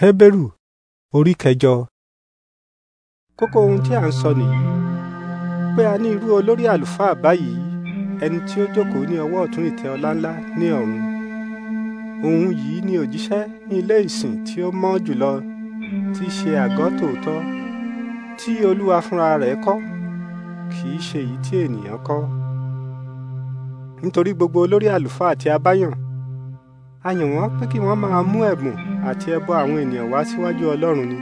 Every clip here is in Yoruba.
Heberu, orí kẹjọ. kókó ohun tí a ń sọ nìyí pé a ní irú olórí àlùfáà báyìí ẹni tí ó jókòó ní ọwọ́ ọ̀tún ìtẹ́ ọlá ní ọ̀run. òun yìí ni òjíṣẹ́ ní ilé ìsìn tí ó mọ́ jùlọ tí í ṣe àgọ́ tòótọ́ tí olúwa fúnra rẹ̀ kọ́ kì í ṣe èyí tí ènìyàn kọ́. nítorí gbogbo olórí àlùfáà tí a bá yàn a yàn wọ́n pé kí wọ́n máa mú ẹ̀bùn àti ẹbọ àwọn ènìyàn wá síwájú Ọlọ́run ni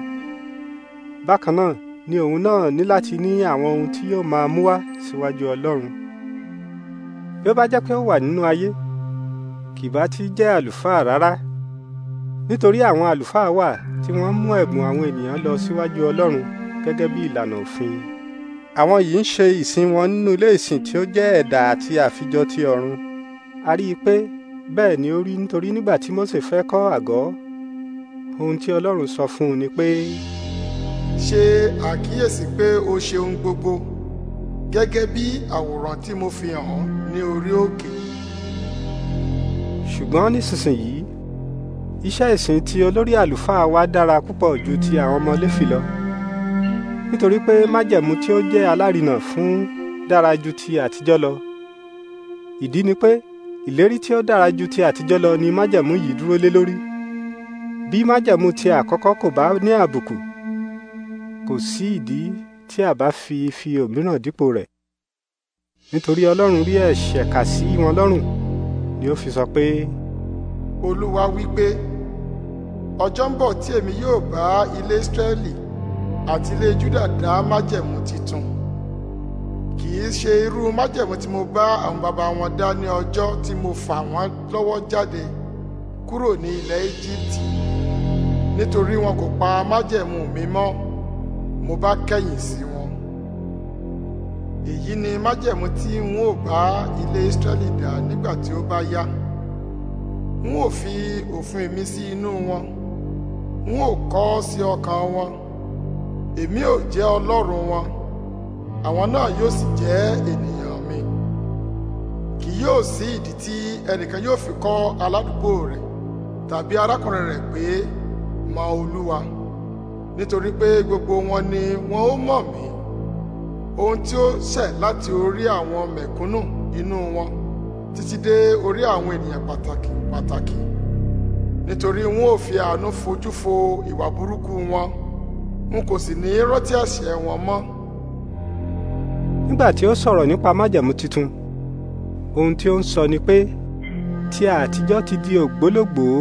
bákan náà ni òun náà ní láti ní àwọn ohun tí yóò máa mú wá síwájú Ọlọ́run bí ó bá jẹ́ pé ó wà nínú ayé kì bá ti jẹ́ àlùfáà rárá nítorí àwọn àlùfáà wà tí wọ́n mú ẹ̀bùn àwọn ènìyàn lọ síwájú Ọlọ́run gẹ́gẹ́ bí ìlànà òfin àwọn yìí ń ṣe ìsìn wọn nínú ilé ìsìn tí ó jẹ́ ẹ̀dà àti àfijọ́ ti ọ̀run a rí i pé bẹ́ẹ̀ ni ó rí nítorí nígbà tí Mósè fẹ́ kọ́ àgọ́ ohun tí Ọlọ́run sọ fún un ni pé. ṣe àkíyèsí pé o ṣe ohun gbogbo gẹ́gẹ́ bí àwòrán tí mo fi hàn ọ́ ní orí òkè. ṣùgbọ́n nísinsìnyí iṣẹ́ ìsìn tí olórí àlùfáà wa dára púpọ̀ ju ti àwọn ọmọ Léfì lọ nítorí pé májẹ̀mú tí ó jẹ́ alárinà fún dára ju ti àtijọ́ lọ ìdí ni pé ìlérí tí ó dára ju ti àtijọ́ lọ ni májẹ̀mú yìí dúró lé lórí bí májẹ̀mú ti àkọ́kọ́ kò bá ní àbùkù kò sí ìdí tí a bá fi fi òmíràn dípò rẹ̀ nítorí ọlọ́run rí ẹ̀ṣẹ̀ kà sí wọn lọ́rùn ni ó fi sọ pé. olúwa wí pé ọjọ́ ń bọ̀ tí èmi yóò bá ilé Ísírẹ́lì àti ilé Júdà dá májẹ̀mú titun kì í ṣe irú májẹ̀mú tí mo bá àwọn bàbá wọn dá ní ọjọ́ tí mo fà wọ́n lọ́wọ́ jáde kúrò ní ilẹ̀ Íjíbítì nítorí wọn kò pa májẹ̀mú mi mọ́ mo bá kẹ̀yìn sí wọn èyí ni májẹ̀mú tí n ó bá ilé Ísírẹ́lì dá nígbà tí ó bá yá n ó fi òfin mi sí inú wọn n ó kọ ọ́ sí ọkàn wọn èmi ò jẹ́ Ọlọ́run wọn àwọn náà yóò sì jẹ́ ènìyàn mi kì yóò sí ìdí tí ẹnìkan yóò fi kọ́ aládùúgbò rẹ̀ tàbí arákùnrin rẹ̀ pé mọ olúwa nítorí pé gbogbo wọn ni wọn ó mọ̀ mí ohun tí ó ṣẹ̀ láti orí àwọn mẹ̀kúnnù inú wọn títí dé orí àwọn ènìyàn pàtàkì pàtàkì nítorí wọn ò fi àánú fojú fo ìwà burúkú wọn n kò sì ní rántí àṣẹ wọn mọ́ nígbà tí ó sọ̀rọ̀ nípa májẹ̀mú tuntun ohun tí ó ń sọ ni pé tí àtijọ́ ti di ògbólógbòó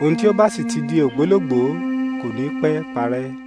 ohun tí ó bá sì ti di ògbólógbòó kò ní pẹ́ parẹ́.